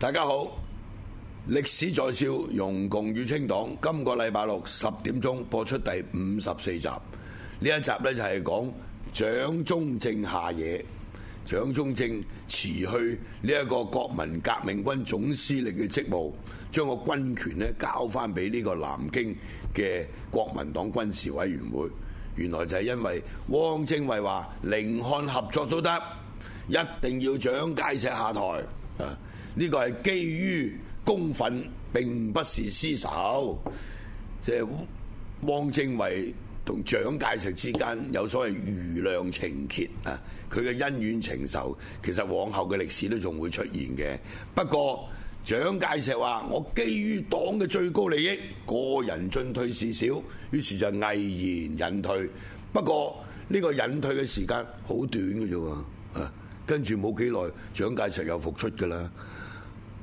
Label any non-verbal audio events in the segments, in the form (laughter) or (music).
大家好，歷史在笑，容共與清黨。今個禮拜六十點鐘播出第五十四集。呢一集呢，就係講蔣中正下野，蔣中正辭去呢一個國民革命軍總司令嘅職務，將個軍權咧交翻俾呢個南京嘅國民黨軍事委員會。原來就係因為汪精衛話寧漢合作都得，一定要蔣介石下台啊！呢個係基於公憤，並不是私仇。即係汪精衛同蔣介石之間有所謂瑜亮情結啊，佢嘅恩怨情仇，其實往後嘅歷史都仲會出現嘅。不過蔣介石話：我基於黨嘅最高利益，個人進退事小，於是就毅然引退。不過呢個引退嘅時間好短嘅啫喎，啊，跟住冇幾耐，蔣介石又復出㗎啦。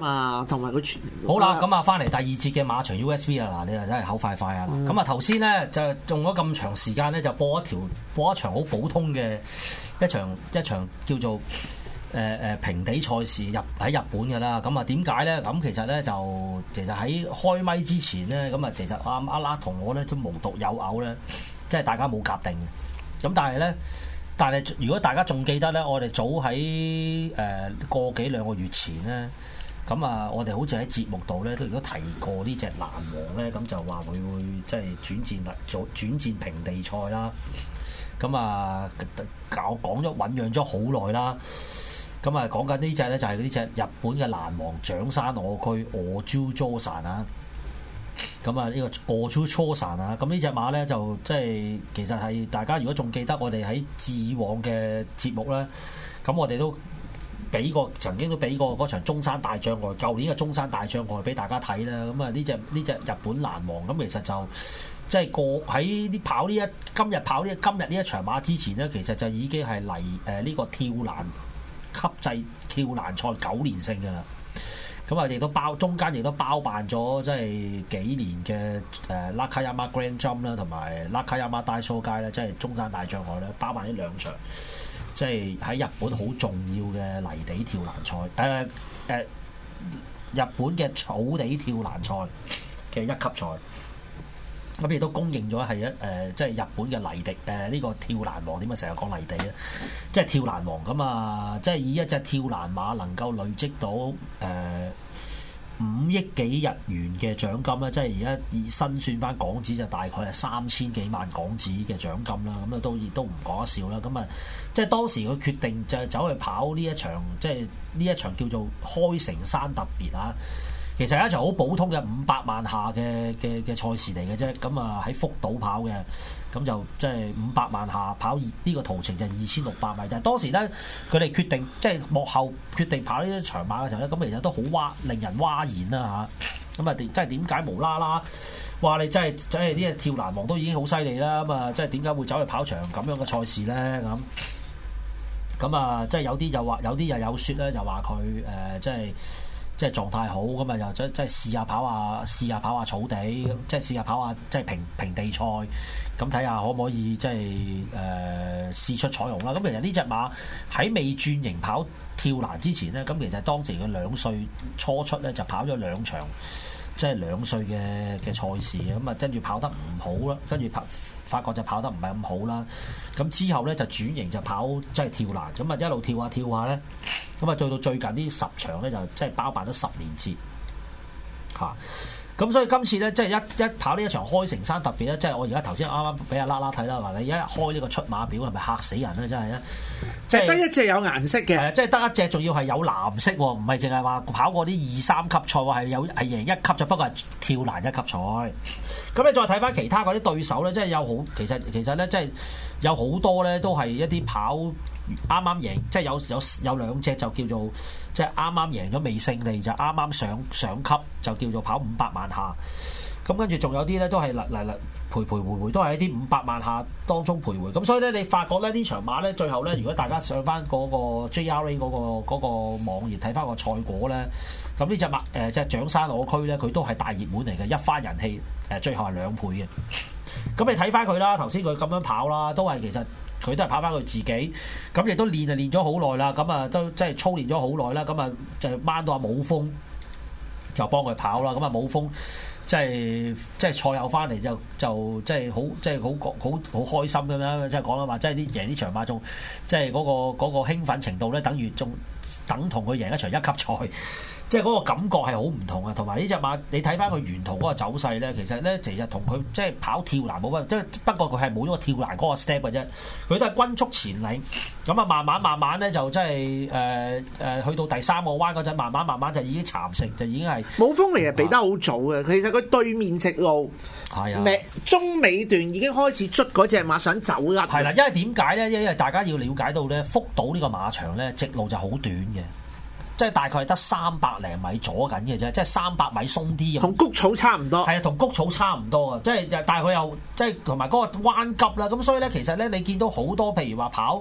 嘛，同埋個好啦，咁啊，翻嚟第二節嘅馬場 USB 啊！嗱，你啊真係口快快啊！咁啊、嗯，頭先咧就用咗咁長時間咧，就播一條播一場好普通嘅一場一場叫做誒誒、呃、平地賽事入喺日本噶啦。咁啊，點解咧？咁其實咧就其實喺開麥之前咧，咁啊，其實阿 LakLak，同、啊啊啊、我咧都無獨有偶咧，即係大家冇夾定嘅。咁但係咧，但係如果大家仲記得咧，我哋早喺誒個幾兩個月前咧。咁啊，我哋好似喺節目度咧都如果提過隻藍呢隻欄王咧，咁就話會會即係轉戰啊，轉轉戰平地賽啦。咁啊，啊，講講咗醞釀咗好耐啦。咁啊，講緊呢隻咧就係呢隻日本嘅欄王長山我駒我朱初神啊。咁、這、啊、個，呢個我朱初神啊，咁呢隻馬咧就即係其實係大家如果仲記得我哋喺至往嘅節目咧，咁我哋都。俾過曾經都俾過嗰場中山大障礙，舊年嘅中山大障礙俾大家睇啦。咁啊，呢隻呢隻日本欄王咁，其實就即係、就是、過喺啲跑呢一今日跑呢今日呢一場馬之前呢，其實就已經係嚟誒呢個跳欄級制跳欄賽九連勝噶啦。咁啊，亦都包中間亦都包辦咗即係幾年嘅誒拉卡亞馬 Grand Jump 啦，同埋拉卡亞馬大賽街啦，即係中山大障礙啦，包辦呢兩場。即係喺日本好重要嘅泥地跳欄賽，誒、呃、誒、呃、日本嘅草地跳欄賽嘅一級賽咁，亦、呃、都公認咗係一誒、呃，即係日本嘅泥地誒呢、呃這個跳欄王。點解成日講泥地咧？即係跳欄王咁啊！即係以一隻跳欄馬能夠累積到誒五、呃、億幾日元嘅獎金啦，即係而家以新算翻港紙就大概係三千幾萬港紙嘅獎金啦。咁啊，都亦都唔講得少啦。咁啊～即係當時佢決定就係走去跑呢一場，即係呢一場叫做開城山特別啊。其實係一場好普通嘅五百萬下嘅嘅嘅賽事嚟嘅啫。咁啊喺福島跑嘅，咁就即係五百萬下跑呢個途程就二千六百米。但係當時咧，佢哋決定即係幕後決定跑呢一場馬嘅時候咧，咁其實都好嘩令人嘩然啦嚇。咁啊，即係點解無啦啦話你真係真係呢個跳欄王都已經好犀利啦，咁啊，即係點解會走去跑場咁樣嘅賽事咧？咁咁啊，即係有啲又話，有啲又有說咧，就話佢誒，即係即係狀態好，咁啊，又即即係試下跑下，試下跑下草地，嗯、即係試下跑下、啊、即係平平地賽，咁睇下可唔可以即係誒、呃、試出彩用啦。咁其實呢隻馬喺未轉型跑跳欄之前咧，咁其實當時佢兩歲初出咧就跑咗兩場即係兩歲嘅嘅賽事，咁啊跟住跑得唔好啦，跟住跑。發覺就跑得唔係咁好啦，咁之後咧就轉型跑就跑即係跳欄，咁啊一路跳下跳下咧，咁啊到到最近呢十場咧就即係包辦咗十年節，嚇。咁所以今次咧，即係一一跑呢一場開成山特別咧，即係我而家頭先啱啱俾阿啦啦睇啦，嗱你而家開呢個出馬表係咪嚇死人咧？真係啊！即係得一隻有顏色嘅，即係得一隻仲要係有藍色喎，唔係淨係話跑過啲二三級賽喎，係有係贏一級就不過係跳欄一級賽。咁你再睇翻其他嗰啲對手咧，即係有好其實其實咧，即係有好多咧都係一啲跑，啱啱贏，即係有有有兩隻就叫做即係啱啱贏咗未勝利就啱啱上上級就叫做跑五百萬下，咁跟住仲有啲咧都係嚟嚟嚟徘徘徊，徊都係一啲五百萬下當中徘徊。咁所以咧你發覺咧呢場馬咧最後咧如果大家上翻嗰個 JRA 嗰、嗰個嗰、嗰個網頁睇翻個賽果咧，咁、呃、呢隻馬誒即係長山我駒咧，佢都係大熱門嚟嘅，一番人氣誒、呃、最後係兩倍嘅，咁你睇翻佢啦，頭先佢咁樣跑啦，都係其實，佢都係跑翻佢自己，咁亦都練啊練咗好耐啦，咁啊都即係操練咗好耐啦，咁啊就掹到阿武峰，就幫佢跑啦，咁啊武峰即係即係賽後翻嚟就就即係好即係好好好開心咁樣，即係講啦嘛，即係啲贏啲場馬中，即係嗰個嗰個興奮程度咧，等於仲等同佢贏一場一級賽。即係嗰個感覺係好唔同啊，同埋呢隻馬你睇翻佢沿途嗰個走勢咧，其實咧其實同佢即係跑跳欄冇乜，即係不過佢係冇咗個跳欄嗰個 step 嘅啫，佢都係均速前領。咁啊，慢慢慢慢咧就真係誒誒去到第三個彎嗰陣，慢慢慢慢就已經蠶食，就已經係冇風嚟。其實畀得好早嘅。其實佢對面直路係啊，中尾段已經開始捽嗰隻馬想走甩。係啦、啊，因為點解咧？因為大家要了解到咧，福島呢個馬場咧，直路就好短嘅。即係大概係得三百零米左緊嘅啫，即係三百米鬆啲咁。同谷草差唔多。係啊，同谷草差唔多啊，即係又，但係佢又即係同埋嗰個彎急啦。咁所以咧，其實咧，你見到好多譬如話跑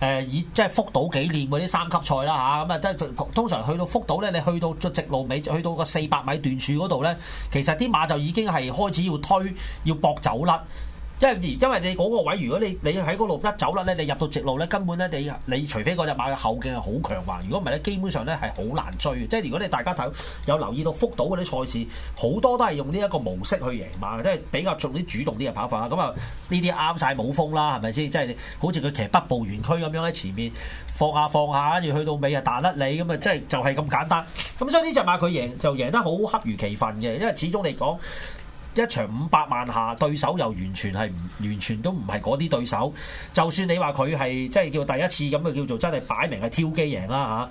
誒以、呃、即係福島紀念嗰啲三級賽啦嚇，咁啊、嗯、即係通常去到福島咧，你去到就直路尾，去到個四百米段處嗰度咧，其實啲馬就已經係開始要推要駁走喇。因為因為你嗰個位，如果你你喺嗰度一走啦咧，你入到直路咧，根本咧你你除非嗰隻馬嘅後勁係好強橫，如果唔係咧，基本上咧係好難追。即係如果你大家睇有留意到福島嗰啲賽事，好多都係用呢一個模式去贏馬，即係比較重啲主動啲嘅跑法啦。咁啊呢啲啱晒冇風啦，係咪先？即係好似佢騎北部園區咁樣咧，前面放下放下，跟住去到尾啊彈甩你咁啊！即係就係咁簡單。咁、嗯、所以呢隻馬佢贏就贏得好恰如其分嘅，因為始終嚟講。一場五百萬下，對手又完全係唔，完全都唔係嗰啲對手，就算你話佢係，即係叫第一次咁嘅，叫做真係擺明係挑機贏啦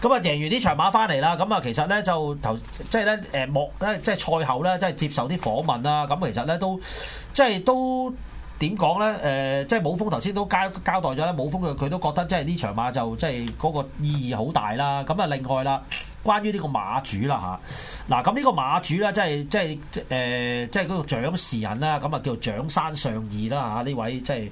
嚇。咁啊就贏完呢場馬翻嚟啦，咁啊其實呢，就頭即係咧誒，莫咧即係賽後咧即係接受啲訪問啊，咁其實咧都即係都點講呢？誒，即係冇風頭先都交，交代咗咧，冇風佢都覺得即係呢場馬就即係嗰，嗰個意義好大啦，咁啊另外啦。關於呢個馬主啦嚇，嗱咁呢個馬主咧，即係即係誒，即係嗰個掌事人啦，咁啊叫做蔣山上二啦嚇，呢、啊、位即係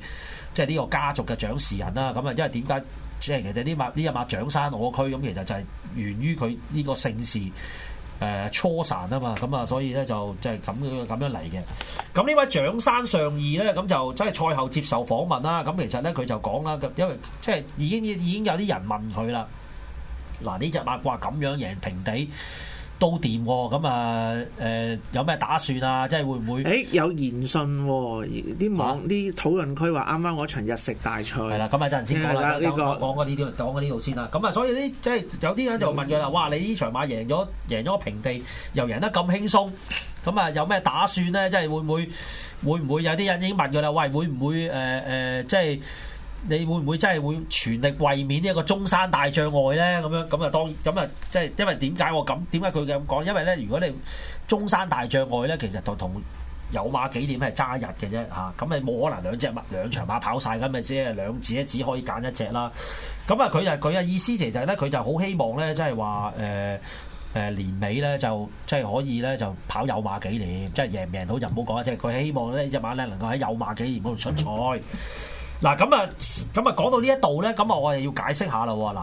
即係呢個家族嘅掌事人啦，咁啊，因為點解即係其實呢馬呢一馬長山我駒咁、啊，其實就係源於佢呢個姓氏誒、呃、初散啊嘛，咁啊，所以咧就即係咁咁樣嚟嘅。咁呢、啊、位長山尚義咧，咁、啊、就即係賽後接受訪問啦。咁、啊啊、其實咧佢就講啦，因為即係已經已經有啲人問佢啦。嗱，呢隻八卦咁樣贏平地刀電，咁啊誒、嗯呃，有咩打算啊？即係會唔會？誒、欸，有言信喎、哦，啲網啲討論區話，啱啱嗰場日食大賽係啦。咁啊、嗯，陣先講啦，呢講啲，講嗰啲度先啦。咁、嗯、啊，所以呢，即係有啲人就問嘅啦。有哇，你呢場馬贏咗贏咗平地，又贏得咁輕鬆，咁啊，有咩打算咧？即係會唔會？會唔會，會，會有啲人已經問嘅啦？喂，會唔會誒誒、呃呃，即係？你會唔會真係會全力衛冕呢一個中山大障礙咧？咁樣咁啊，當咁啊，即係因為點解我咁？點解佢咁講？因為咧，為為如果你中山大障礙咧，其實同同有馬紀念係爭一日嘅啫吓。咁、啊、你冇可能兩隻馬兩場馬跑晒，咁咪先，係兩隻，只可以揀一隻隻隻啦。咁啊，佢就佢嘅意思，其實咧，佢就好希望咧，即係話誒誒，年尾咧就即係、就是、可以咧就跑有馬紀念，即係贏唔贏到就唔好講。即係佢希望呢隻馬咧能夠喺有馬紀念嗰度出賽。 (laughs) 嗱咁啊，咁啊、嗯嗯，講到呢一度咧，咁啊，我哋要解釋下啦、啊。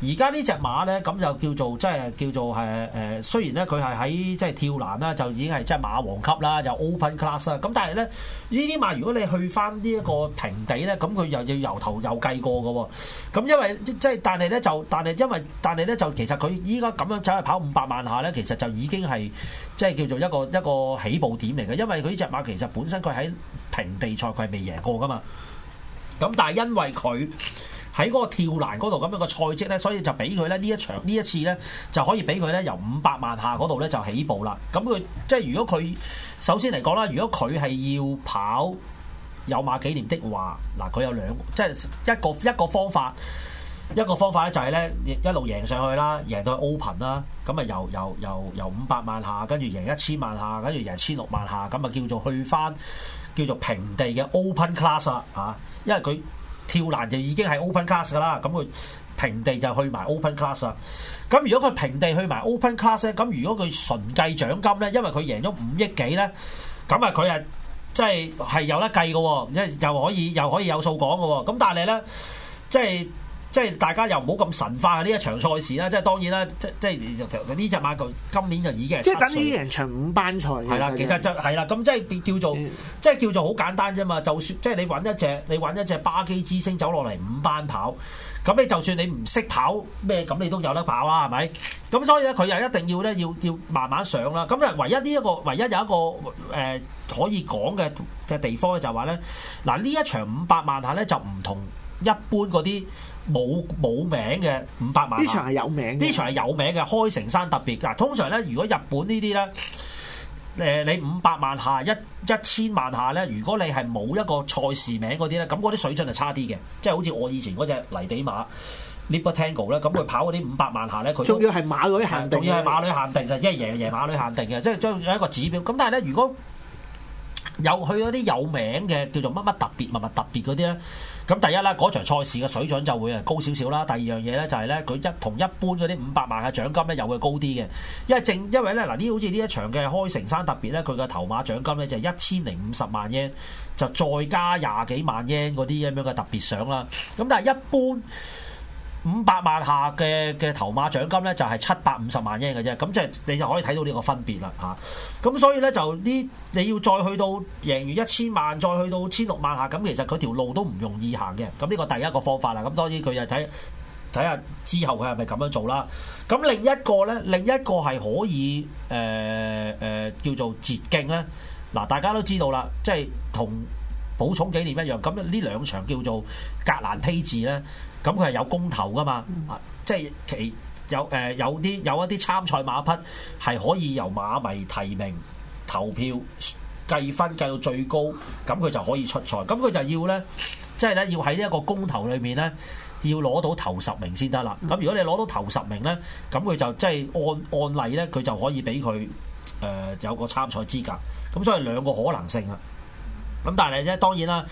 嗱，而家呢隻馬咧，咁就叫做即係叫做誒誒，雖然咧佢係喺即係跳欄啦，就已經係即係馬王級啦，又 open class 啦。咁但係咧，呢啲馬如果你去返呢一個平地咧，咁佢又要由頭又計過嘅喎。咁因為即係，但係咧就，但係因為，但係咧就，就其實佢依家咁樣走去跑五百萬下咧，其實就已經係即係叫做一個一個起步點嚟嘅。因為佢呢隻馬其實本身佢喺平地賽佢係未贏過噶嘛。咁但係因為佢喺嗰個跳欄嗰度咁樣個賽績呢，所以就俾佢呢呢一場呢一次呢，就可以俾佢呢由五百萬下嗰度呢就起步啦。咁佢即係如果佢首先嚟講啦，如果佢係要跑有馬紀念的話，嗱，佢有兩即係一個一個方法，一個方法呢就係呢一路贏上去啦，贏到 open 啦，咁啊由由由五百萬下跟住贏一千萬下，跟住贏千六萬下，咁啊叫做去翻叫做平地嘅 open class 啦。因為佢跳欄就已經係 open class 㗎啦，咁佢平地就去埋 open class 啦。咁如果佢平地去埋 open class 咧，咁如果佢純計獎金咧，因為佢贏咗五億幾咧，咁咪佢係即係係有得計嘅，即係又可以又可以有數講嘅。咁但係咧，即係。即係大家又唔好咁神化呢一場賽事啦！即係當然啦，即即呢隻馬佢今年就已經係即等呢啲人搶五班賽。係啦，其實就係啦，咁即係叫做即係叫做好簡單啫嘛！就算即係你揾一隻，你揾一隻巴基之星走落嚟五班跑，咁你就算你唔識跑咩，咁你都有得跑啊，係咪？咁所以咧，佢又一定要咧，要要慢慢上啦。咁啊，唯一呢一個，唯一有一個誒可以講嘅嘅地方咧，就話咧，嗱呢一場五百萬下咧，就唔同一般嗰啲。冇冇名嘅五百萬下，呢場係有名嘅。呢場係有名嘅，開成山特別㗎。通常咧，如果日本呢啲咧，誒、呃、你五百萬下一一千萬下咧，如果你係冇一個賽事名嗰啲咧，咁嗰啲水準係差啲嘅，即係好似我以前嗰隻泥地馬，Nobtango 咧，咁佢 (music) 跑嗰啲五百萬下咧，佢仲要係馬女限定，仲要係馬女限定嘅，即係贏贏馬女限定嘅，即係將有一個指標。咁但係咧，如果有去嗰啲有名嘅叫做乜乜特別、乜乜特別嗰啲咧，咁第一啦，嗰場賽事嘅水準就會啊高少少啦。第二樣嘢咧就係、是、咧，佢一同一般嗰啲五百萬嘅獎金咧又會高啲嘅，因為正因為咧嗱，呢好似呢一場嘅開成山特別咧，佢嘅頭馬獎金咧就一千零五十萬英，就再加廿幾萬英嗰啲咁樣嘅特別獎啦。咁但係一般，五百萬下嘅嘅頭馬獎金咧，就係七百五十萬英嘅啫。咁即係你就可以睇到呢個分別啦，吓、啊。咁所以咧就呢，你要再去到贏完一千萬，再去到千六萬下，咁其實佢條路都唔容易行嘅。咁呢個第一個方法啦。咁當然佢就睇睇下之後佢係咪咁樣做啦。咁另一個咧，另一個係可以誒誒、呃呃、叫做捷徑咧。嗱，大家都知道啦，即係同。補充紀念一樣，咁呢呢兩場叫做格蘭披治呢，咁佢係有公投噶嘛？嗯、即係其有誒有啲有一啲參賽馬匹係可以由馬迷提名投票計分計到最高，咁佢就可以出賽。咁佢就要呢，即係呢，要喺一個公投裏面呢，要攞到頭十名先得啦。咁如果你攞到頭十名呢，咁佢就即係按按例呢，佢就可以俾佢誒有個參賽資格。咁所以兩個可能性啊。咁但係咧，當然啦，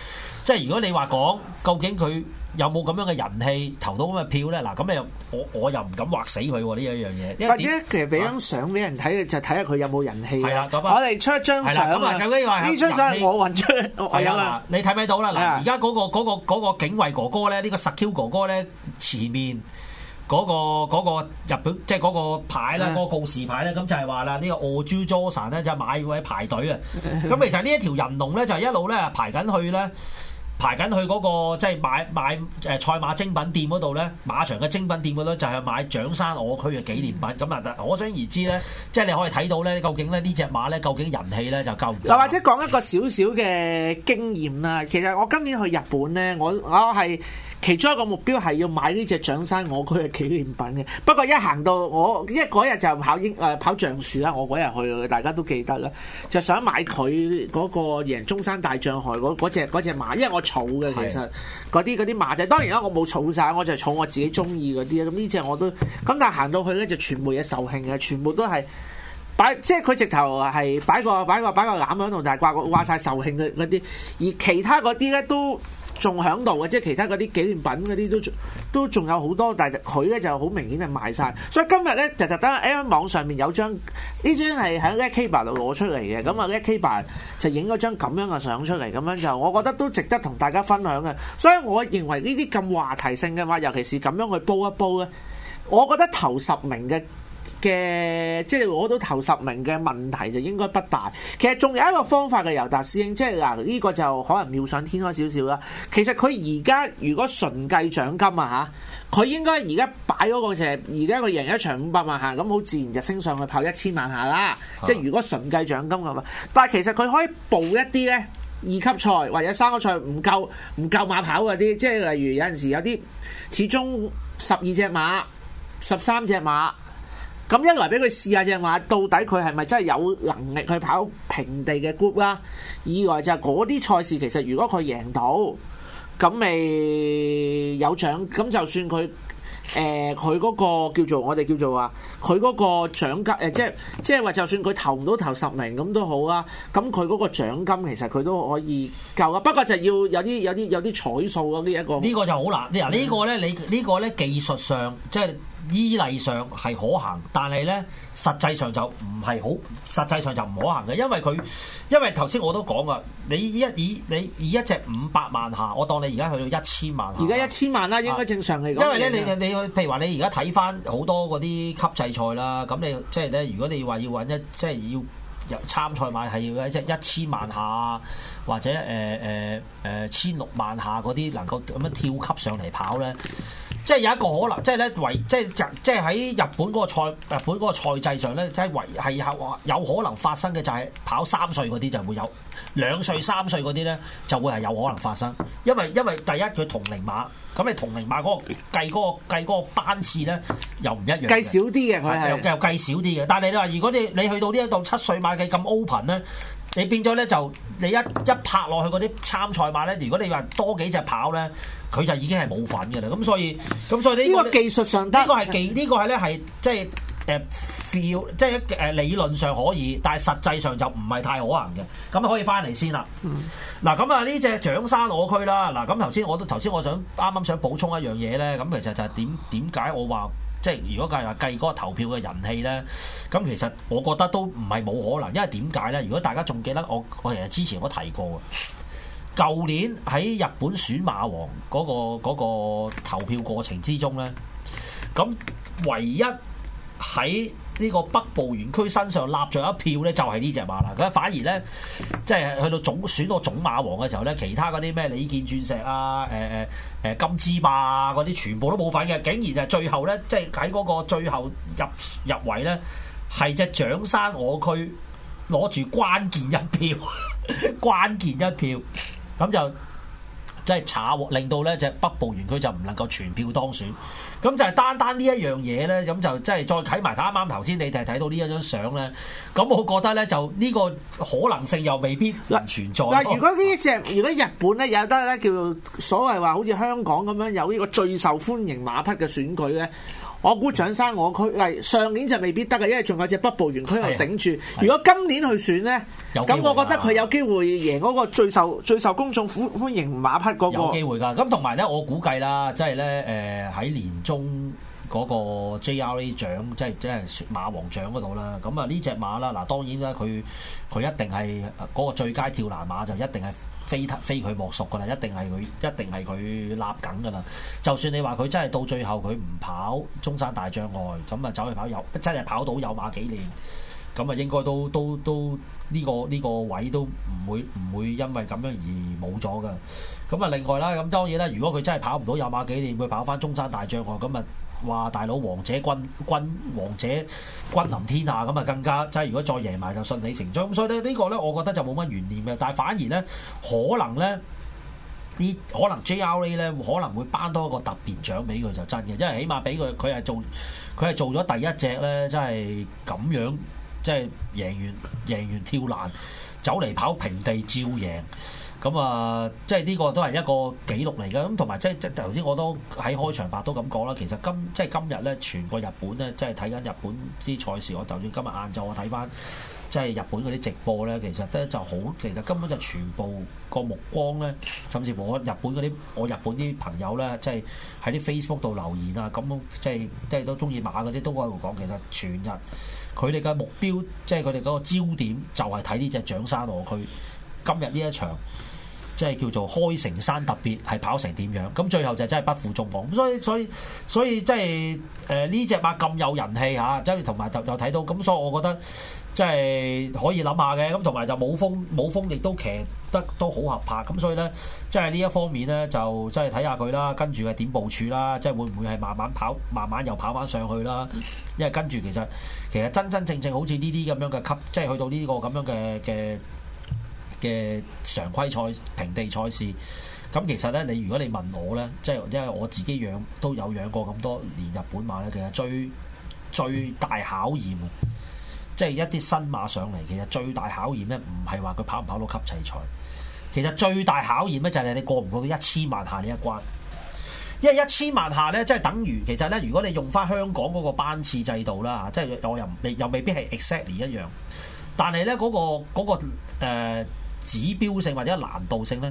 即係如果你話講究竟佢有冇咁樣嘅人氣，投到咁嘅票咧，嗱，咁你又我我又唔敢劃死佢喎，啊，呢一樣嘢。或者其實俾張相俾人睇，就睇下佢有冇人氣。係啦，我哋出一張相啊。咁啊，究竟話呢張相我運出係有啦。你睇睇到啦？嗱的，而家嗰個嗰，嗰個嗰個，警衛哥哥咧，呢，呢個 secure 哥哥咧前面。嗰、那個嗰、那個日本即係嗰個牌咧，嗰個告示牌咧，咁就係話啦，呢、呢個澳洲 zosan 咧就買位排隊啊，咁其實呢一條人龍咧就係、是、一路咧排緊去咧。排緊去嗰、那個即係買買誒賽、呃、馬精品店嗰度咧，馬場嘅精品店嗰度就係買長山我駒嘅紀念品。咁啊，可想而知咧，即係你可以睇到咧，究竟咧呢隻馬咧究竟人氣咧就夠唔？嗱，或者講一個少少嘅經驗啦。其實我今年去日本咧，我我係其中一個目標係要買呢隻長山我駒嘅紀念品嘅。不過一行到我，因為嗰日就跑英、呃、跑橡樹啦，我嗰日去，大家都記得啦，就想買佢嗰個贏中山大障害嗰嗰隻隻馬，因為我。儲嘅其實嗰啲啲馬仔，當然啦，我冇儲晒，我就係儲我自己中意嗰啲咧。咁呢隻我都咁，但係行到去咧就全部嘢售罄嘅，全部都係擺，即係佢直頭係擺個擺個擺個籃喺度，但係掛個掛曬售罄嘅嗰啲，而其他嗰啲咧都。仲喺度嘅，即係其他嗰啲紀念品嗰啲都都仲有好多，但係佢咧就好明顯係賣晒。所以今日咧就特登喺網上面有張呢張係喺 K Bar 度攞出嚟嘅，咁啊 K Bar 就影咗張咁樣嘅相出嚟，咁樣就我覺得都值得同大家分享嘅。所以我認為呢啲咁話題性嘅話，尤其是咁樣去煲一煲咧，我覺得頭十名嘅。嘅即係攞到頭十名嘅問題就應該不大。其實仲有一個方法嘅，尤達師兄，即係嗱呢個就可能妙想天開少少啦。其實佢而家如果純計獎金啊嚇，佢應該而家擺嗰個就係而家佢贏一場五百萬下咁，好自然就升上去跑一千萬下啦。啊、即係如果純計獎金嘅話，啊，但係其實佢可以報一啲咧，二級賽或者三級賽唔夠唔夠馬跑嗰啲，即係例如有陣時有啲始終十二隻馬、十三隻馬。咁一嚟俾佢試下即係話，到底佢係咪真係有能力去跑平地嘅 group 啦？二來就係嗰啲賽事，其實如果佢贏到，咁咪有獎。咁就算佢誒佢嗰個叫做我哋叫做話，佢嗰個獎金誒，即係即係話，就，是就是，就算佢投唔到頭十名咁都好啊。咁佢嗰個獎金其實佢都可以夠啊。不過就要有啲有啲有啲彩數咯。呢一個，嗯，呢個就好難。呢個咧，你呢個咧技術上即係。依例上係可行，但係咧實際上就唔係好，實際上就唔可行嘅，因為佢因為頭先我都講噶，你一以你以一,一隻五百萬下，我當你而家去到一千萬下。而家一千萬啦，應該正常嚟講。因為咧，你你，你譬如話，你而家睇翻好多嗰啲級制賽啦，咁你即係咧，如果你話要揾一即係要入參賽馬，係要一隻一千萬下，或者誒誒誒千六萬下嗰啲，能夠咁樣跳級上嚟跑咧。即係有一個可能，即係咧維，即係就即係喺日本嗰個賽日本嗰個賽制上咧，即係維係有可能發生嘅，就係跑三歲嗰啲就會有兩歲三歲嗰啲咧就會係有可能發生，因為因為第一佢同齡馬，咁你同齡馬嗰個計嗰個計嗰個班次咧又唔一樣計一，計少啲嘅，又又計少啲嘅，但係你話如果你你去到呢一度七歲馬嘅咁 open 咧？你變咗咧就你一一拍落去嗰啲參賽馬咧，如果你話多幾隻跑咧，佢就已經係冇份嘅啦。咁所以咁所以呢、呢個技術上呢個係技呢個係咧係即係誒 feel，即係誒理論上可以，但係實際上就唔係太可能嘅。咁可以翻嚟先啦。嗱咁、嗯、啊，呢隻長山我駒啦。嗱咁頭先我都頭先我想啱啱想補充一樣嘢咧。咁、啊、其實就係點點解我話？即係如果計話計嗰個投票嘅人氣呢，咁其實我覺得都唔係冇可能，因為點解呢？如果大家仲記得我，我其實之前我提過嘅，舊年喺日本選馬王嗰個嗰個投票過程之中呢，咁唯一喺呢個北部園區身上立住一票咧，就係呢隻馬啦。佢反而咧，即係去到總選到總馬王嘅時候咧，其他嗰啲咩李健鑽石啊、誒誒誒金枝霸嗰啲，全部都冇份嘅。竟然就最後咧，即係喺嗰個最後入入圍咧，係隻長山我駒攞住關鍵一票， (laughs) 關鍵一票，咁就。即係炒，令到呢隻北部選區就唔能夠全票當選，咁就係單單呢一樣嘢呢，咁就即係再睇埋啱啱頭先，你哋睇到呢一張相呢，咁我覺得呢就呢個可能性又未必存在。但，但如果呢隻如果日本呢有得呢叫所謂話好似香港咁樣有呢個最受歡迎馬匹嘅選舉呢。我估長山我駒佢上年就未必得嘅，因為仲有隻北部元區嚟頂住。的如果今年去選咧，咁我覺得佢有機會贏嗰個最受的最受公眾歡迎馬匹嗰、那個。有機會噶，咁同埋咧，我估計啦，即係咧，誒、呃、喺年中嗰個 J R A 獎，即係即係馬王獎嗰度啦。咁啊呢隻馬啦，嗱當然啦，佢佢一定係嗰、那個最佳跳欄馬就一定係。非非佢莫屬噶啦，一定係佢，一定係佢立緊噶啦。就算你話佢真係到最後佢唔跑中山大障礙，咁啊走去跑有真係跑到有馬幾年，咁啊應該都都都呢個呢個位都唔會唔會因為咁樣而冇咗噶。咁啊另外啦，咁當然啦，如果佢真係跑唔到有馬幾年，佢跑翻中山大障礙，咁啊。話大佬，王者君君王者君臨天下，咁啊，就更加即係如果再贏埋就順理成章。咁所以咧呢個咧，我覺得就冇乜懸念嘅。但係反而咧，可能咧啲可能 JRA 咧可能會頒多一個特別獎俾佢就真嘅，因為起碼俾佢佢係做佢係做咗第一隻咧，即係咁樣即係、就是、贏完贏完跳欄走嚟跑平地照贏。咁啊，即係呢個都係一個記錄嚟嘅。咁同埋，即係即係頭先我都喺開場白都咁講啦。其實今即係今日咧，全個日本咧，即係睇緊日本啲賽事。我就算今日晏晝我睇翻即係日本嗰啲直播咧，其實咧就好，其實根本就全部個目光咧，甚至乎我日本嗰啲我日本啲朋友咧，即係喺啲 Facebook 度留言啊，咁即係即係都中意馬嗰啲都喺度講，其實全日佢哋嘅目標即係佢哋嗰個焦點就係睇呢隻長山我駒今日呢一場。即係叫做開成山，特別係跑成點樣？咁最後就真係不負眾望。咁所以所以所以即係誒呢隻馬咁有人氣嚇，即係同埋就就睇到咁，所以我覺得即係可以諗下嘅。咁同埋就冇風冇風，亦都騎得都好合拍。咁所以咧，即係呢一方面咧，就即係睇下佢啦，跟住係點部署啦？即係會唔會係慢慢跑，慢慢又跑翻上去啦？因為跟住其實其實真真正正好似呢啲咁樣嘅級，即係去到呢個咁樣嘅嘅。嘅常規賽平地賽事，咁其實咧，你如果你問我咧，即係因為我自己養都有養過咁多年日本馬咧，其實最最大考驗，即係一啲新馬上嚟，其實最大考驗咧，唔係話佢跑唔跑到級齊賽，其實最大考驗咧就係你過唔過一千萬下呢一關，因為一千萬下咧，即係等於其實咧，如果你用翻香港嗰個班次制度啦，即係我又未又未必係 exactly 一樣，但係咧嗰個嗰個呃指標性或者難度性呢，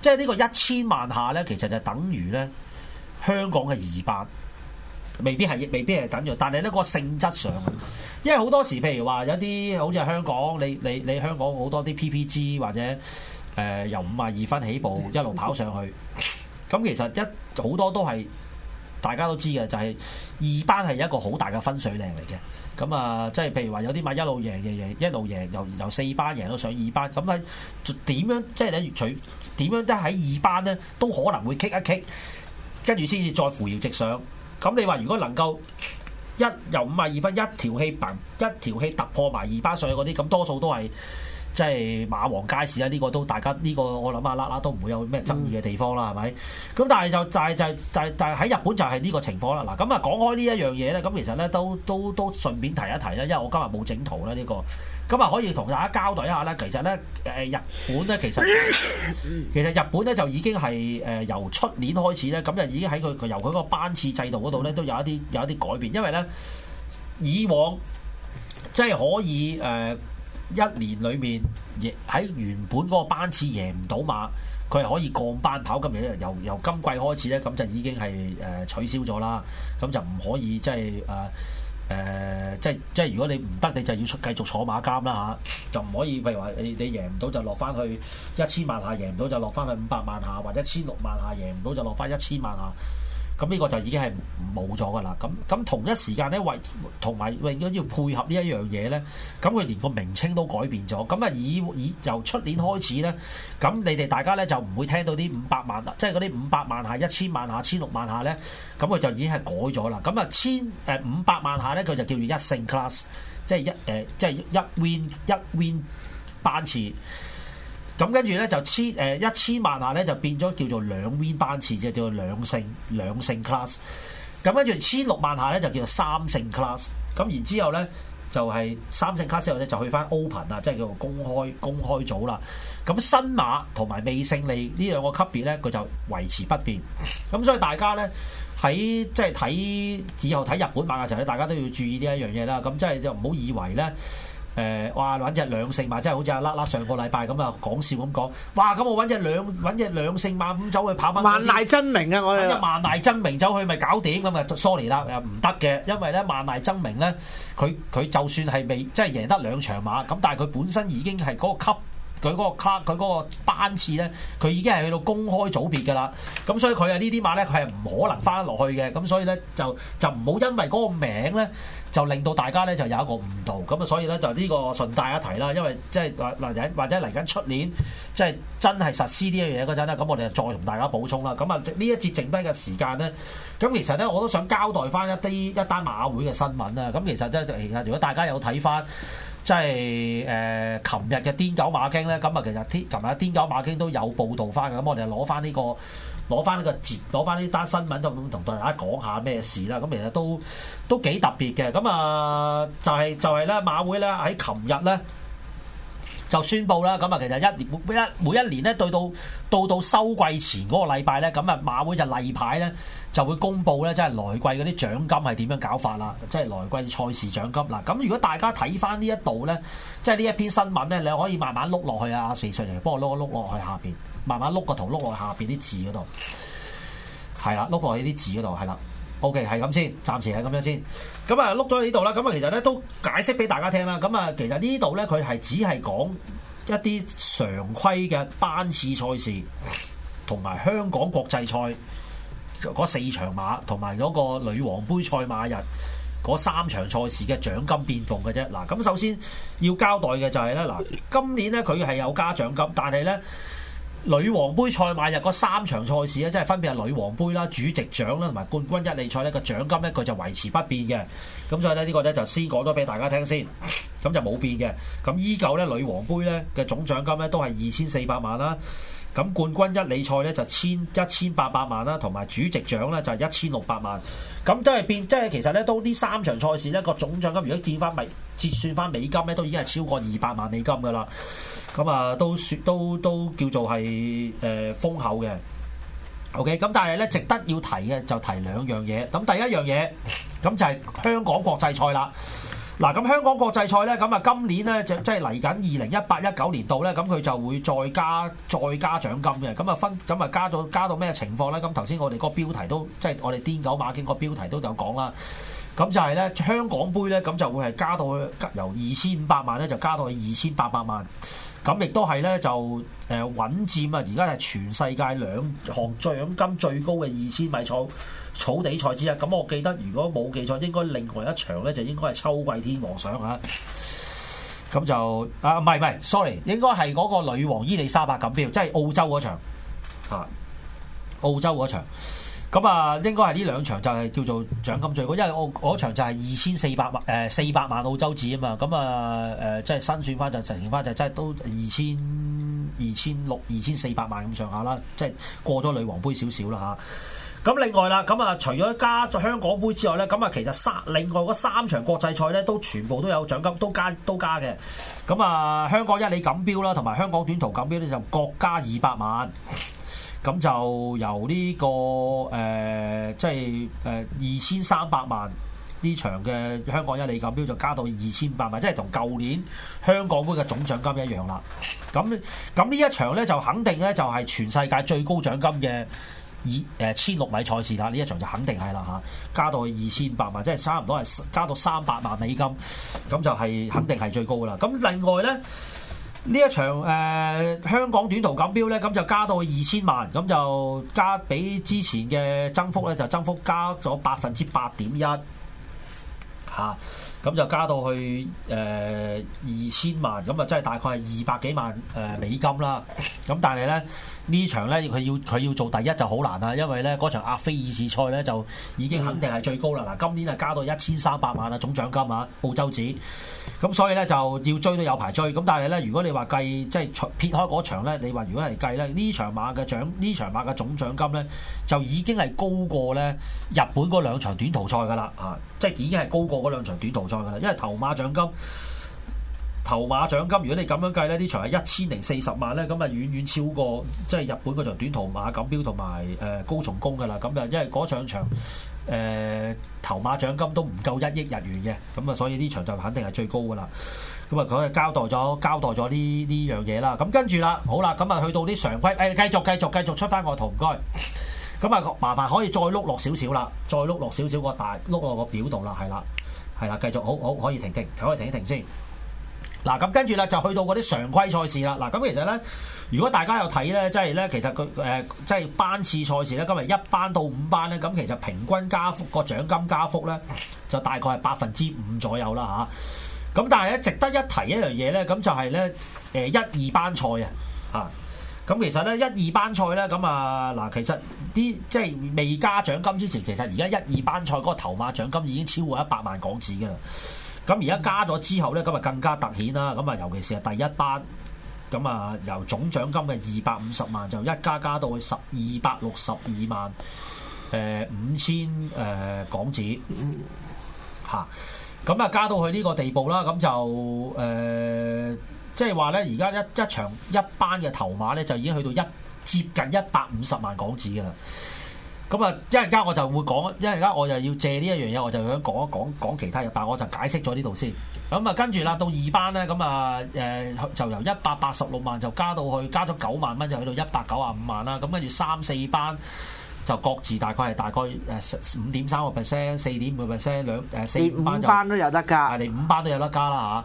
即係呢個一千萬下呢，其實就等於呢香港嘅二百，未必係未必係等於，但係呢個性質上因為好多時譬如話有啲好似香港，你你，你香港好多啲 PPG 或者誒、呃、由五十二分起步一路跑上去，咁其實一好多都係。大家都知嘅，就係、是、二班係一個好大嘅分水嶺嚟嘅。咁啊，即係譬如話有啲咪一路贏嘅嘢，一路贏，一路贏由由四班贏到上二班，咁喺點樣即係睇取點樣都喺二班咧，都可能會棘一棘，跟住先至再扶搖直上。咁你話如果能夠一由五啊二分一條氣，一一條氣突破埋二班上嗰啲，咁多數都係。即係馬王街市啦，呢個都大家呢個我諗下啦，拉拉都唔會有咩爭議嘅地方啦，係咪？咁但係就但就就就但係喺日本就係呢個情況啦。嗱，咁啊講開呢一樣嘢咧，咁其實咧都都都順便提一提啦，因為我今日冇整圖咧呢個，咁啊可以同大家交代一下咧。其實咧，誒日本咧，其實其實日本咧就已經係誒由出年開始咧，咁就已經喺佢由佢個班次制度嗰度咧都有一啲有一啲改變，因為咧以往即係可以誒。呃一年裏面，贏喺原本嗰個班次贏唔到馬，佢係可以降班跑。今日咧，由由今季開始咧，咁就已經係誒、呃、取消咗啦。咁就唔可以即係誒誒，即係、呃、即係如果你唔得，你就要出繼續坐馬監啦嚇、啊。就唔可以譬如話，你你贏唔到就落翻去一千萬下，贏唔到就落翻去五百萬下，或者一千六萬下贏唔到就落翻一千萬下。咁呢個就已經係冇咗㗎啦。咁咁同一時間咧，為同埋為咗要配合呢一樣嘢咧，咁佢連個名稱都改變咗。咁啊，以以由出年開始咧，咁你哋大家咧就唔會聽到啲五百萬，即係嗰啲五百萬下、一千萬下、千六萬下咧，咁佢就已經係改咗啦。咁啊，千誒五百萬下咧，佢就叫做一勝 class，即係一誒即係一 win 一 win 班次。咁跟住咧就千誒、呃、一千萬下咧就變咗叫做兩邊班次，即係叫做兩性兩性 class。咁跟住千六萬下咧就叫做三性 class。咁然之後咧就係、是、三性 class 之後咧就去返 open 啦，即係叫做公開公開組啦。咁新馬同埋未勝利呢兩個級別咧，佢就維持不變。咁所以大家咧喺即係睇以後睇日本馬嘅時候咧，大家都要注意呢一樣嘢啦。咁即係就唔好以為咧。誒、嗯，哇！揾隻兩,兩勝馬，即係好似阿拉拉上個禮拜咁啊，講笑咁講。哇！咁我揾隻兩隻兩勝馬咁走去跑翻，萬賴真明啊！我啊，萬賴真明走去咪搞掂咁啊？sorry 啦，又唔得嘅，因為咧萬賴真明咧，佢佢就算係未即係贏得兩場馬，咁但係佢本身已經係嗰個級。佢嗰個卡，佢嗰班次咧，佢已經係去到公開組別嘅啦。咁所以佢啊呢啲馬咧，佢係唔可能翻落去嘅。咁所以咧，就就唔好因為嗰個名咧，就令到大家咧就有一個誤導。咁啊，所以咧就呢個順帶一提啦。因為即係或者嚟緊出年即係真係實施呢樣嘢嗰陣咧，咁我哋就再同大家補充啦。咁啊，呢一節剩低嘅時間咧，咁其實咧我都想交代翻一啲一單馬會嘅新聞啊。咁其實即其實，如果大家有睇翻。即係誒，琴日嘅癲狗馬經咧，咁啊，其實天琴日癲狗馬經都有報導翻嘅，咁我哋就攞翻呢個攞翻呢個節，攞翻呢單新聞都同大家講下咩事啦。咁其實都都幾特別嘅，咁啊就係、是、就係、是、咧馬會咧喺琴日咧就宣佈啦。咁啊，其實一年每一每一年咧，對到到到收季前嗰個禮拜咧，咁啊馬會就例牌咧，就會公布咧，即係來季嗰啲獎金係點樣搞法啦，即係來季賽事獎金啦。咁如果大家睇翻呢一度咧，即係呢一篇新聞咧，你可以慢慢碌落去啊，阿四出嚟，幫我碌碌落去下邊，慢慢碌個圖碌落去下邊啲字嗰度，係啦，碌落去啲字嗰度係啦。OK，係咁先，暫時係咁樣先。咁啊，碌咗喺呢度啦。咁啊，其實咧都解釋俾大家聽啦。咁啊，其實呢度咧佢係只係講一啲常規嘅班次賽事同埋香港國際賽。嗰四場馬同埋嗰個女王杯賽馬日嗰三場賽事嘅獎金變動嘅啫。嗱，咁首先要交代嘅就係咧，嗱，今年咧佢係有加獎金，但係咧女王杯賽馬日嗰三場賽事咧，即係分別係女王杯啦、主席獎啦同埋冠軍一哩賽咧個獎金咧，佢就維持不變嘅。咁所以咧，呢個咧就先講咗俾大家聽先，咁就冇變嘅。咁依舊咧，女王杯咧嘅總獎金咧都係二千四百萬啦。咁冠軍一哩賽咧就千一千八百萬啦，同埋主席獎咧就係、是、一千六百萬。咁即係變，即、就、係、是、其實咧都呢三場賽事咧個總獎金，如果見翻咪，折算翻美金咧，都已經係超過二百萬美金噶啦。咁啊，都算都都叫做係誒、呃、豐厚嘅。O K，咁但係咧值得要提嘅就提兩樣嘢。咁第一樣嘢咁就係香港國際賽啦。嗱咁香港國際賽咧，咁啊今年咧即係嚟緊二零一八一九年度咧，咁佢就會再加再加獎金嘅。咁啊分咁啊加，加到加到咩情況咧？咁頭先我哋個標題都即係我哋癲狗馬經個標題都有講啦。咁就係咧香港盃咧，咁就會係加到由二千五百萬咧，就加到去二千八百萬。咁亦都係咧就誒穩佔啊，而家係全世界兩項獎金最高嘅二千米賽。草地賽事啊，咁我記得如果冇記錯，應該另外一場咧就應該係秋季天皇賞啊。咁就啊，唔係唔係，sorry，應該係嗰個女王伊利莎白錦標，即係澳洲嗰場、啊、澳洲嗰場，咁啊，應該係呢兩場就係叫做獎金最高，因為澳嗰場就係二千四百萬，誒四百萬澳洲紙啊嘛。咁啊誒，即係新算翻就實現翻就即係都二千二千六二千四百萬咁上下啦，即係過咗女王杯少少啦嚇。啊咁另外啦，咁啊除咗加咗香港杯之外呢，咁啊其實三另外嗰三場國際賽呢，都全部都有獎金，都加都加嘅。咁啊，香港一里錦標啦，同埋香港短途錦標呢，就各加二百萬。咁就由呢、呢個誒，即係誒二千三百萬呢場嘅香港一里錦標，就加到二千五百萬，即係同舊年香港杯嘅總獎金一樣啦。咁咁呢一場咧，就肯定呢，就係全世界最高獎金嘅。以千六米賽事啦，呢一場就肯定係啦嚇，加到去二千五百萬，即係差唔多係加到三百萬美金，咁就係肯定係最高噶啦。咁另外咧，呢一場誒、呃、香港短途錦標咧，咁就加到去二千萬，咁就加比之前嘅增幅咧，就增幅加咗百分之八點一嚇，咁、啊、就加到去誒二千萬，咁啊即係大概係二百幾萬誒、呃、美金啦。咁但係咧。場呢場咧，佢要佢要做第一就好難啊，因為咧嗰場阿菲爾士賽咧就已經肯定係最高啦。嗱，今年係加到一千三百萬啊，總獎金啊，澳洲紙。咁所以咧就要追都有排追。咁但係咧，如果你話計即係、就是、撇開嗰場咧，你話如果係計咧，呢場馬嘅獎，呢場馬嘅總獎金咧，就已經係高過咧日本嗰兩場短途賽噶啦啊！即、就、係、是、已經係高過嗰兩場短途賽噶啦，因為頭馬獎金。頭馬獎金，如果你咁樣計咧，呢場係一千零四十萬咧，咁啊遠遠超過即係日本個短途馬錦標同埋誒高松宮噶啦，咁啊因為嗰場場誒頭馬獎金都唔夠一億日元嘅，咁啊所以呢場就肯定係最高噶啦。咁啊佢係交代咗，交代咗呢呢樣嘢啦。咁跟住啦，好啦，咁啊去到啲常規，誒、哎、繼續繼續繼續出翻個圖，唔該，咁啊麻煩可以再碌落少少啦，再碌落少少個大碌落個表度啦，係啦，係啦，繼續好好可以停停，可以停一停先。停停停停停停。嗱咁跟住啦，就去到嗰啲常規賽事啦。嗱咁其實咧，如果大家有睇咧，即係咧，其實佢誒、呃、即係班次賽事咧，今日一班到五班咧，咁其實平均加幅個獎金加幅咧，就大概係百分之五左右啦吓，咁、啊、但係咧，值得一提一樣嘢咧，咁就係咧，誒一、二班賽啊嚇。咁其實咧，一、二班賽咧，咁啊嗱，其實啲、啊、即係未加獎金之前，其實而家一、二班賽嗰個頭馬獎金已經超過一百萬港紙噶啦。咁而家加咗之後呢，今日更加突顯啦。咁啊，尤其是係第一班，咁啊由總獎金嘅二百五十萬就一加加到去一千二百六十二萬，誒五千誒港紙嚇。咁啊，加到去呢個地步啦。咁就誒、呃，即係話呢，而家一一場一班嘅頭馬呢，就已經去到一接近一百五十萬港紙㗎啦。咁啊，一陣間我就會講，一陣間我就要借呢一樣嘢，我就想講一講講其他嘢，但係我就解釋咗呢度先。咁啊，跟住啦，到二班咧，咁啊誒就由一百八十六萬就加到去，加咗九萬蚊，就去到一百九十五萬啦。咁跟住三四班就各自大概係大概誒五點三個 percent，四點五個 percent，兩誒四五班都有得加，係你五班都有得加啦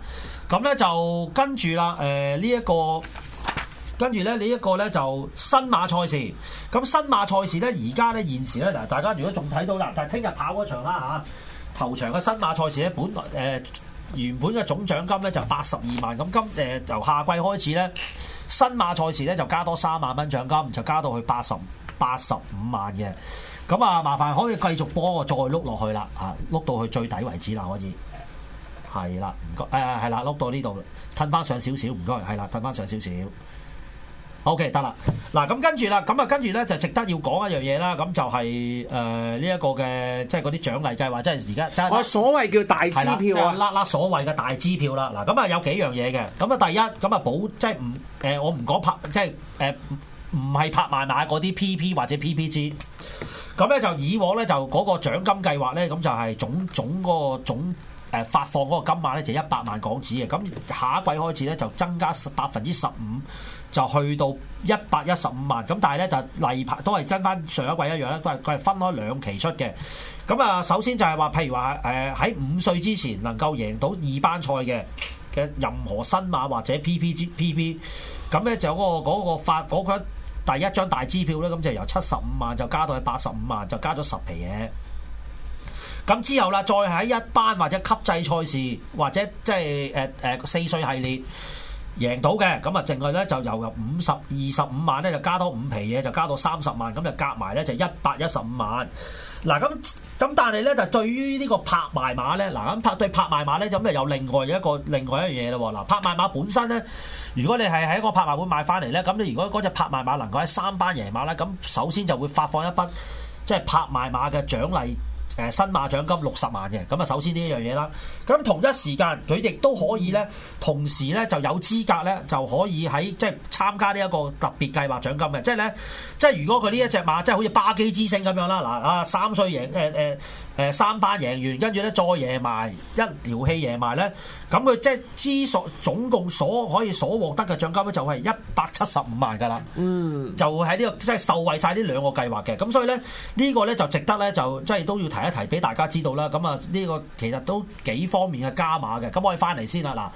嚇。咁、啊、咧就跟住啦，誒呢一個。跟住咧，這個、呢一個咧就新馬賽事，咁新馬賽事咧，而家咧，現時咧，嗱，大家如果仲睇到啦，但係聽日跑嗰場啦嚇，頭場嘅新馬賽事咧，本誒、呃、原本嘅總獎金咧就八十二萬咁，今、嗯、誒、呃、由夏季開始咧，新馬賽事咧就加多三萬蚊獎金，就加到去八十八十五萬嘅咁啊。麻煩可以繼續幫我再碌落去啦嚇，碌、啊、到去最底為止啦，可以係啦，唔該誒係啦，碌到呢度褪翻上少少，唔該係啦，褪翻上少少。O.K. 得啦，嗱咁跟住啦，咁啊跟住咧就值得要講一樣嘢啦，咁就係誒呢一個嘅即係嗰啲獎勵計劃，即係而家即係我所謂叫大支票啊，即係、拉拉所謂嘅大支票啦，嗱咁啊有幾樣嘢嘅，咁啊第一咁啊保即係唔誒我唔講、呃、拍即係誒唔係拍賣賣嗰啲 PP 或者 PPG 咁咧就以往咧就嗰個獎金計劃咧咁就係總總嗰個總誒、呃、發放嗰個金額咧就係一百萬港紙嘅，咁下一季開始咧就增加百分之十五。就去到一百一十五萬，咁但係咧就例牌都係跟翻上一季一樣咧，佢係佢係分開兩期出嘅。咁啊，首先就係話，譬如話誒喺五歲之前能夠贏到二班賽嘅嘅任何新馬或者 PPG 之 PP，咁咧就嗰個嗰個發嗰個第一張大支票咧，咁就由七十五萬就加到去八十五萬，就加咗十皮嘢。咁之後啦，再喺一班或者級制賽事或者即係誒誒四歲系列。贏到嘅咁啊，淨係咧就由五十二十五萬咧，就加多五皮嘢，就加到三十萬，咁就夾埋咧就一百一十五萬。嗱、啊，咁咁但係咧就對於呢個拍賣馬咧，嗱咁拍對拍賣馬咧，咁又有另外一個另外一樣嘢啦喎。嗱、啊，拍賣馬本身咧，如果你係喺個拍賣會買返嚟咧，咁你如果嗰隻拍賣馬能夠喺三班贏馬咧，咁首先就會發放一筆即係拍賣馬嘅獎勵。誒新馬獎金六十萬嘅，咁啊首先呢一樣嘢啦，咁同一時間佢亦都可以咧，同時咧就有資格咧，就可以喺即係參加呢一個特別計劃獎金嘅，即係咧，即係如果佢呢一隻馬即係好似巴基之星咁樣啦，嗱啊三歲贏誒誒。呃呃誒三班贏完，跟住咧再贏埋一條氣贏埋咧，咁佢即係資所總共所可以所獲得嘅獎金咧，就係一百七十五萬噶啦。嗯，就喺呢、這個即係受惠晒呢兩個計劃嘅。咁所以咧呢、這個咧就值得咧就即係都要提一提俾大家知道啦。咁啊呢個其實都幾方面嘅加碼嘅。咁我哋翻嚟先啦嗱。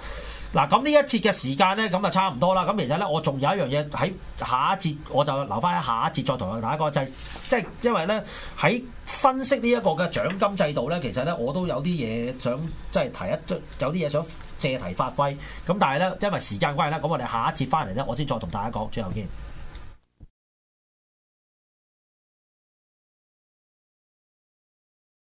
嗱，咁呢一節嘅時間咧，咁啊差唔多啦。咁其實咧，我仲有一樣嘢喺下一節，我就留翻喺下一節再同大家講，就係即係因為咧喺分析呢一個嘅獎金制度咧，其實咧我都有啲嘢想即係提一張，有啲嘢想借題發揮。咁但係咧，因為時間關係啦，咁我哋下一節翻嚟咧，我先再同大家講，最後見。